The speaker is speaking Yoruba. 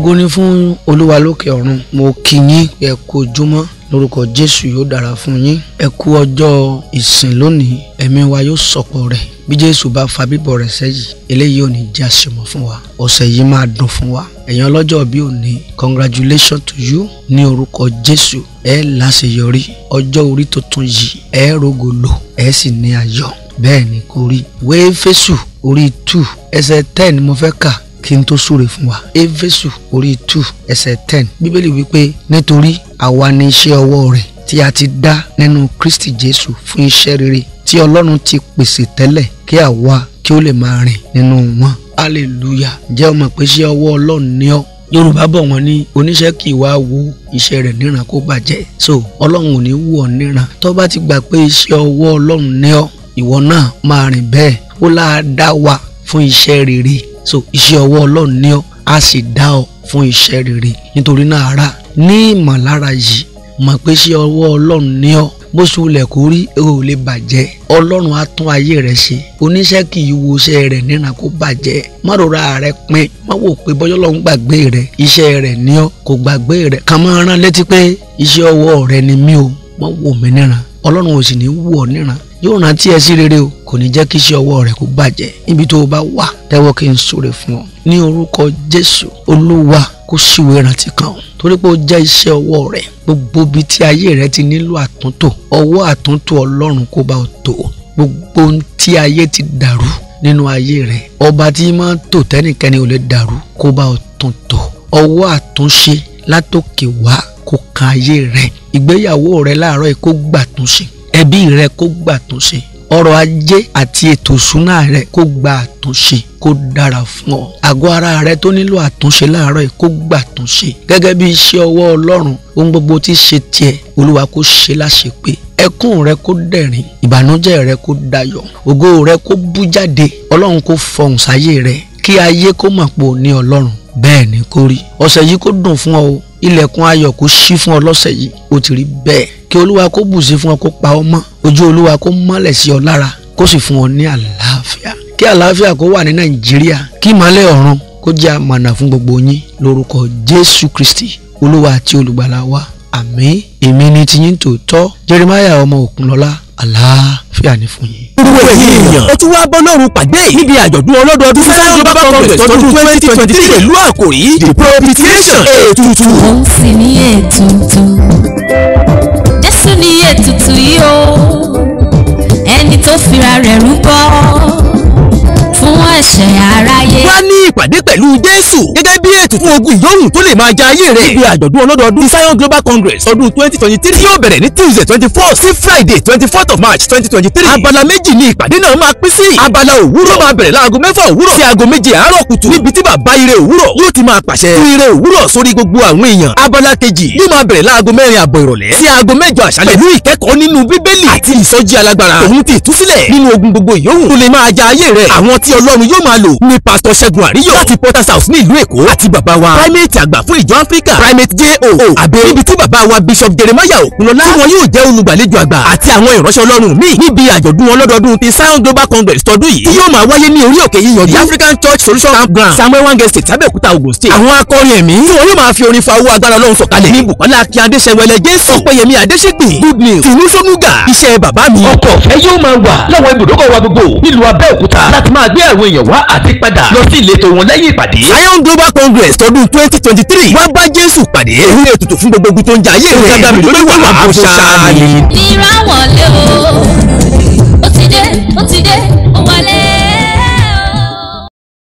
ògo ni fún olúwa lókè ọ̀run mo kí yín ẹ kú ojúmọ́ lórúkọ jésù yóò dára fún yín ẹ kú ọjọ́ ìsìn lónìí ẹ̀mí wa yóò sọ̀pọ̀ rẹ̀ bí jésù bá fa bíbọ̀ rẹ̀ sẹ́yìn eléyìí ò ní jẹ́ àṣemọ̀ fún wa ọ̀sẹ̀ yìí máa dùn fún wa ẹ̀yin ọlọ́jọ́ bí òní congratulations to you ní orúkọ jésù ẹ láṣeyọrí ọjọ́ orí tuntun yìí ẹ rògo lò ẹ sì ní ayọ̀ bẹ́ẹ̀ ni kò rí wéé fésù orí two ẹsẹ̀ ten ni mo fẹ́ kà kí n tó súre fún wa éfésù orí two ẹsẹ̀ ten bíbélì wípé nítorí àwa ni iṣẹ́ ọwọ́ rẹ̀ tí a ti dá nínú kristi jésù fún iṣẹ́ rere tí ọlọ́run ti pèsè tẹ́lẹ̀ kí àwa kí ó lè máa rìn nínú wọn hallelujah jẹ́ o pé iṣẹ́ ọwọ́ ọlọ́run ni ọ́ yorùbá bọ̀ wọ́n ní oníṣẹ́ kì í wá wo iṣẹ́ rẹ̀ níran kó bàjẹ́ so ọlọ́run ò ní wù ọ́ níran tó bá ti gbà pé iṣẹ́ ọwọ́ ọlọ́run ni ọ́ ìwọ náà máa rìn bẹ́ẹ̀ ó láa dá wa fún iṣẹ́ rere so iṣẹ́ ọwọ́ ọlọ́run ní ọ á sì dá ọ fún iṣẹ́ rere nítorí náà ara ní ìmọ̀lára yìí mọ̀ pé iṣẹ́ ọwọ́ ọlọ́run ní ọ bó ṣe wulẹ̀ kó rí èrò lè bàjẹ́ ọlọ́run á tún ayé rẹ̀ ṣe oníṣẹ́ kì í wo iṣẹ́ rẹ̀ níran kó bàjẹ́ má rora rẹ̀ pin má wò pé bọ́jọ́ lọ́hún gbàgbé rẹ̀ iṣẹ́ rẹ̀ ní ọ kò gbàgbé rẹ̀ kàn máa rán létí pé iṣẹ́ ọwọ́ rẹ̀ ni mí o má wò mí níran ọlọ́run ò sì ní wò ọ níran yóò rántí ẹ sí rere o kò ní jẹ́ kí iṣẹ́ ọwọ́ rẹ kó bàjẹ́ níbi tó o bá wà tẹ́wọ́ kí n súre fún ọ ní orúkọ Jésù Olúwa kó ṣùwé rántí kan torí pé ó jẹ́ iṣẹ́ ọwọ́ rẹ gbogbo ibi tí ayé rẹ ti nílò àtúntò ọwọ́ àtúntò Ọlọ́run kó bá ọ tó gbogbo ohun tí ayé ti dàrú nínú ayé rẹ ọba tí máa ń tò tẹ́nìkẹ́ni ò lè dàrú kó bá ọ tún tò ọwọ́ àtúnṣe látòkè wá kó kan ayé rẹ ìgbéyàwó rẹ láàárọ̀ yìí gbàtúnṣe ẹbí rẹ kó gbà tó ṣe ọrọ̀ ajé àti ètò ìṣúná rẹ kó gba àtúnṣe kó dára fún ọ àgọ́ ara rẹ tó nílò àtúnṣe láàárọ̀ yìí kó gba àtúnṣe gẹ́gẹ́ bí iṣẹ́ ọwọ́ Ọlọ́run ohun gbogbo tí ṣe tiẹ̀ Olúwa kó ṣe láṣepé ẹkún rẹ kó dẹ̀rín ìbànújẹ́ rẹ kó dayọ̀ ògo rẹ kó bú jáde Ọlọ́run kó fọhùn sáyé rẹ kí ayé kó mọ̀ pé ní Ọlọ́run bẹ́ẹ̀ ni kó rí ọ̀sẹ̀ yìí kó dùn fún ọ o ilẹ̀kùn kó ṣí fún ọ lọ́sẹ̀ yìí ó ti rí bẹ́ẹ̀ kí olúwa kó bùsí fún ọ kó pa ọ mọ́ ojú olúwa kó mọ́lẹ̀ sí ọ lára kó sì fún ọ ní àlàáfíà kí àlàáfíà kó wà ní nàìjíríà kí ìmọ́lẹ̀ ọ̀run kó jẹ́ àmànà fún gbogbo yín lórúkọ jésù kristi olúwa àti olùgbàlà wa àmín èmi ni tiyín tòótọ́ jeremiah ọmọ òkunlọ́lá àlàáfíà ni fún yín. gbogbo ènìyàn ó tún wá bọ́ lọ́rùn pàdé níbi àjọ̀dún ọlọ́dọọdún fẹ́ràn global congress tọdún twenty twenty three pẹ̀lú àkòrí the propitiation ètùtù. ó sì ní ètùtù. tó fira rẹ̀ rúbọ ẹ̀ṣẹ̀ aráyé. wá ní ìpàdé pẹ̀lú jésù gẹ́gẹ́ bí ètò fún ogun ìyóhùn tó lè máa ja ayé rẹ̀. ibi àjọ̀dún ọlọ́dọọdún zion global congress ọdún twenty twenty three yóò bẹ̀rẹ̀ ní tuesday twenty four sí friday twenty fourth of march twenty twenty three. abala méjì ni ìpàdé náà máa pín sí. abala òwúrọ̀ máa bẹ̀rẹ̀ láago mẹ́fà òwúrọ̀ sí aago méje àárọ̀ kùtù níbi tí bàbá ire òwúrọ̀ yóò ti máa pàṣẹ. tú ire òwúrọ̀ sórí gbogbo àwọn èèyàn. abala kejì yóò máa bẹ̀rẹ̀ láago mẹ́rin àbọ̀ ìrọ̀lẹ́ sí aago mẹ́jọ àṣálẹ̀. pẹ̀lú ìkẹ́kọ̀ọ́ nínú bíbélì àti ìsọjí alágbára. òun ti ìtúsílẹ̀ nínú ogun gbogbo ìyóhùn tó lè máa ja ayé rẹ̀. àwọn tí ọlọ́run yóò máa lò ni pásítọ̀ ṣẹ́gun àríyọ̀ láti porters house ní ìlú èkó àti bàbá wa primate àgbà fún ìjọ Africa. primate j.o. abe níbi tí bàbá wa bishop jeremiah òkunlọ́lá tí wọn yóò jẹ́ olùgbàlejò àgbà àti àwọn ìránṣẹ́ ọlọ́run míì níbi àjọ̀dún wọn lọ́dọọdún ti Zion global congress tọdún yìí yóò máa wáyé ní orí òkè yíyan yìí african church solution campground samuel wange state abẹ́òkúta ogun state àwọn akọrin ẹ̀mí tí wọn yóò máa fi orin fa owó agbára ọlọ́run sọ̀kalẹ̀ ní bukola akin adéṣẹ́wẹlẹ jésù ọ̀pẹ̀yẹmí adéṣègbè good news tìlúsónúgà iṣẹ́ bàbá mi ọkọ̀ ọ̀fẹ́ yóò máa wà láwọn ibùdókọ̀ wa gbogbo nílùú abẹ́òkúta láti máa gbé àwọn èèyàn ènìyàn wá àtípadà lọ sí ìletò wọn lẹ́yìn ìpàdé. Zion Global Congress tọdún twenty twenty three wá bá Jésù pàdé èyí ni ètùtù fún gbogbo ogun tó ń jẹ ayé rẹ̀ ìjọba mi lórí wàhálà àbúṣáà ni. ìràwọ̀lé o ó ti dé ó ti dé ó wálé.